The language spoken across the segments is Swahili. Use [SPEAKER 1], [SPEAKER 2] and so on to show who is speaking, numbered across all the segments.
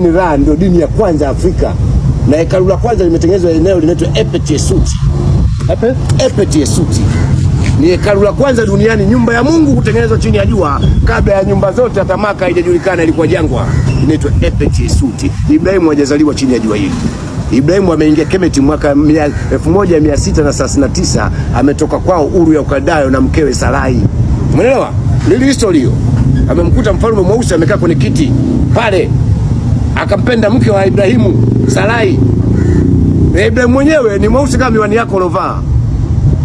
[SPEAKER 1] Ni Ra ndio dini ya kwanza Afrika na hekalu la kwanza limetengenezwa eneo linaitwa Epet Epe? Epet Yesut ni hekalu la kwanza duniani, nyumba ya Mungu kutengenezwa chini ya jua, kabla ya nyumba zote. Hata Maka haijajulikana, ilikuwa jangwa, inaitwa Epet Yesut. Ibrahimu hajazaliwa chini ya jua hili. Ibrahimu ameingia Kemeti mwaka 1639 ametoka kwao Uru ya Ukadayo na mkewe Sarai. Umeelewa? Lili historia. Amemkuta mfalme mweusi amekaa kwenye kiti pale akampenda mke wa Ibrahimu Sarai, na Ibrahimu mwenyewe ni mweusi kama miwani yako lovaa.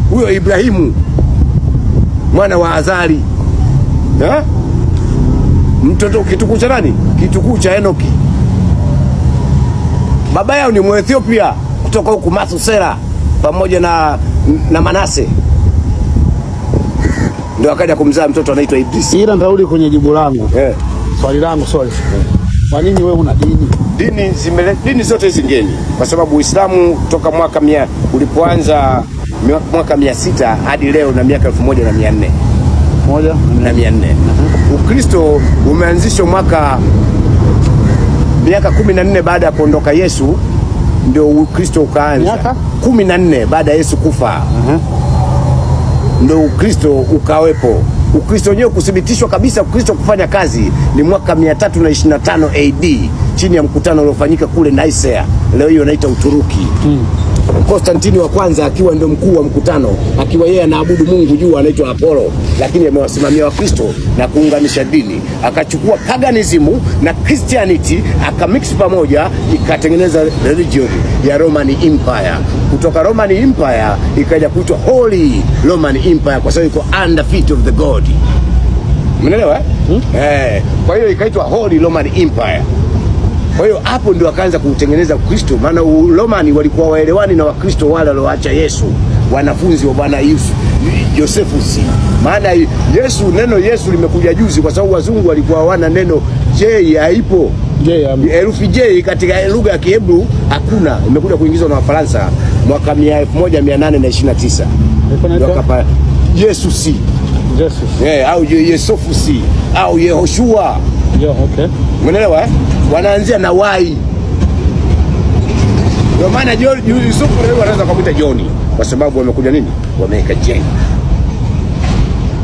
[SPEAKER 1] Huyo Ibrahimu mwana wa Azari ha? mtoto kitukuu cha nani? Kitukuu cha Enoki. Baba yao ni Mwethiopia kutoka huku Mathusela pamoja na, na Manase ndio akaja kumzaa mtoto anaitwa Idris.
[SPEAKER 2] Ila ntarudi kwenye jibu langu yeah. swali langu swali. yeah. Kwa nini wewe una dini?
[SPEAKER 1] Dini zimele, dini zote hizi ngeni, kwa sababu Uislamu toka mwaka mia, ulipoanza mwaka mia sita hadi leo na miaka elfu moja na mia nne moja na mia nne Ukristo umeanzishwa mwaka miaka kumi na nne baada ya kuondoka Yesu ndio Ukristo ukaanza. Miaka kumi na nne baada ya Yesu kufa uh -huh. Ndio Ukristo ukawepo Ukristo wenyewe kuthibitishwa kabisa, Ukristo kufanya kazi ni mwaka 325 AD chini ya mkutano uliofanyika kule Nicaea, leo hiyo inaitwa Uturuki. mm. Konstantini wa kwanza akiwa ndio mkuu wa mkutano, akiwa yeye anaabudu Mungu juu, anaitwa Apollo, lakini amewasimamia Wakristo na kuunganisha dini. Akachukua paganismu na Christianity akamix pamoja, ikatengeneza religion ya Roman Empire. Kutoka Roman Empire ikaja kuitwa Holy Roman Empire kwa sababu iko under feet of the god. Mnaelewa eh? Hmm? Eh, kwa hiyo ikaitwa Holy Roman Empire. Kwa hiyo hapo ndio akaanza kutengeneza Ukristo, maana Uromani walikuwa waelewani na Wakristo wale walioacha Yesu, wanafunzi wa Bwana Yesu Yosefusi. Maana Yesu, neno Yesu limekuja juzi, kwa sababu wazungu walikuwa hawana neno J, haipo herufi J katika lugha ya Kiebru hakuna, imekuja kuingizwa na Wafaransa mwaka 1829 wakapa Yesu Yeah, eh, au Yesofusi au Yehoshua. Yeah, okay. Mwenelewa eh? wanaanzia na wai. Ndio maana Yusufu leo wanaweza kukuta Joni kwa sababu wamekuja nini, wameweka jeni.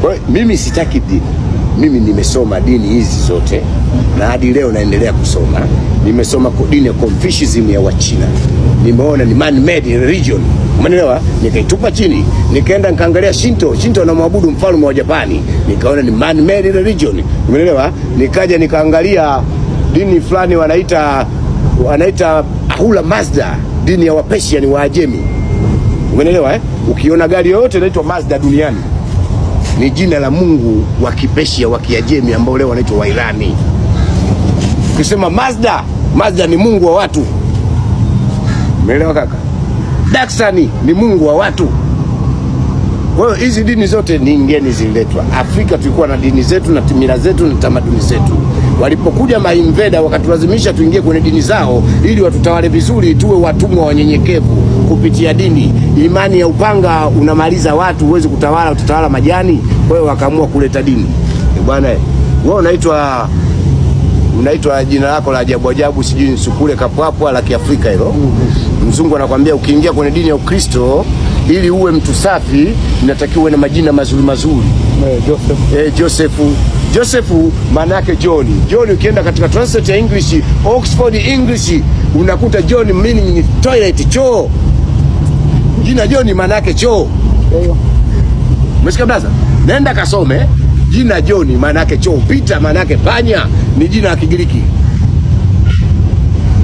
[SPEAKER 1] Kwa hiyo mimi sitaki dini, mimi nimesoma dini hizi zote na hadi leo naendelea kusoma. Nimesoma dini ya Confucianism ya Wachina, nimeona ni man made religion, umeelewa? Nikaitupa chini, nikaenda nikaangalia Shinto. Shinto anamwabudu mfalme wa Japani, nikaona ni man made religion, umeelewa? Nikaja nikaangalia dini fulani wanaita wanaita Ahura Mazda, dini ya wapeshia ni Waajemi, umeelewa eh? Ukiona gari yoyote inaitwa Mazda duniani ni jina la mungu wa kipeshia wa Kiajemi ambao leo wanaitwa Wairani. Ukisema Mazda, Mazda ni mungu wa watu, umeelewa kaka? Daksani ni mungu wa watu. Kwa hiyo hizi dini zote ni ngeni, zililetwa Afrika. Tulikuwa na dini zetu na timira zetu na tamaduni zetu. Walipokuja mainveda wakatulazimisha tuingie kwenye dini zao ili watutawale vizuri, tuwe watumwa wanyenyekevu kupitia dini. Imani ya upanga unamaliza watu, huwezi kutawala, utatawala majani. Kwa hiyo wakaamua kuleta dini. Eh, bwana wewe unaitwa unaitwa jina lako la ajabu ajabu, sijui nsukule kapwapwa la Kiafrika hilo. Mzungu anakwambia ukiingia kwenye dini ya Ukristo ili uwe mtu safi, inatakiwa uwe na majina mazuri mazuri. Hey, eh, Joseph. Hey, eh, Joseph Joseph maana yake John. John ukienda katika translate ya English, Oxford English unakuta John meaning toilet, choo. Jina John maana yake choo. Umesikia blaza? Nenda kasome jina John maana yake choo. Pita maana yake panya, ni jina la Kigiriki.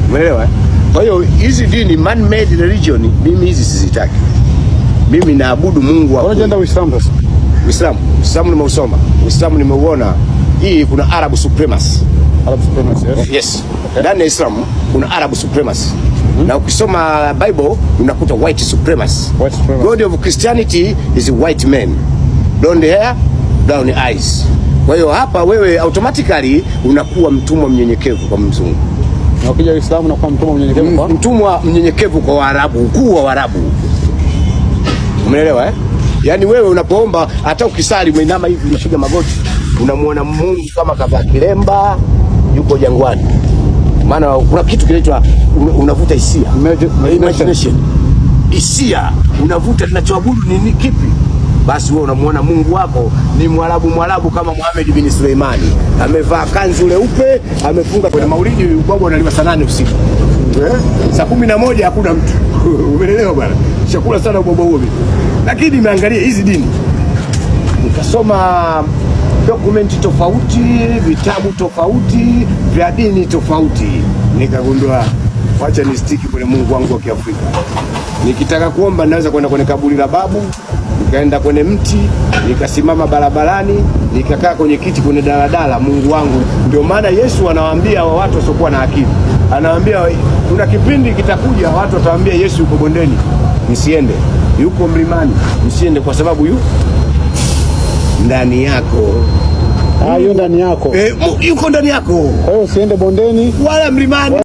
[SPEAKER 1] Umeelewa? Eh? Kwa hiyo hizi dini man made religion, mimi hizi sizitaki. Mimi naabudu Mungu wa.
[SPEAKER 2] Unaenda Uislamu sasa?
[SPEAKER 1] Uislamu, Uislamu nimeusoma, Uislamu nimeuona. Hii kuna Arab supremacy. Arab supremacy, yes. Yes. Okay. Ndani ya Islam kuna Arab supremacy. Mm -hmm. Na ukisoma Bible unakuta white supremacy. White supremacy. God of Christianity is white men. Blonde hair, brown eyes. Kwa hiyo hapa wewe automatically unakuwa mtumwa mnyenyekevu kwa mzungu.
[SPEAKER 2] Na ukija Uislamu unakuwa mtumwa mnyenyekevu
[SPEAKER 1] kwa mtumwa mnyenyekevu kwa Waarabu, ukuu wa Waarabu. Umeelewa eh? Yaani wewe unapoomba hata ukisali umeinama hivi unapiga magoti, unamwona Mungu kama kavaa kilemba yuko jangwani. Maana kuna kitu kinaitwa unavuta hisia, imagination. Hisia unavuta tunachoabudu ni kipi? Basi wewe unamwona Mungu wako ni Mwarabu, Mwarabu kama Muhammad bin Suleimani, amevaa kanzu leupe, amefunga. Kwenye maulidi ubabu analiwa saa nane usiku eh? saa kumi na moja hakuna mtu umeelewa bwana, chakula sana ubabu huo lakini nimeangalia hizi dini, nikasoma dokumenti tofauti, vitabu tofauti vya dini tofauti, nikagundua wacha ni stiki kwenye Mungu wangu wa Kiafrika. Nikitaka kuomba naweza kwenda kwenye kaburi la babu, nikaenda kwenye mti, nikasimama barabarani, nikakaa kwenye kiti kwenye daladala, Mungu wangu. Ndio maana Yesu anawaambia wa watu wasiokuwa na akili, anawaambia kuna kipindi kitakuja watu watawambia Yesu, uko bondeni, nisiende yuko mlimani, msiende kwa sababu yu ndani yako.
[SPEAKER 2] Ah, yu ndani yako.
[SPEAKER 1] Eh, yuko ndani yako.
[SPEAKER 2] Kwa hiyo usiende bondeni
[SPEAKER 1] wala mlimani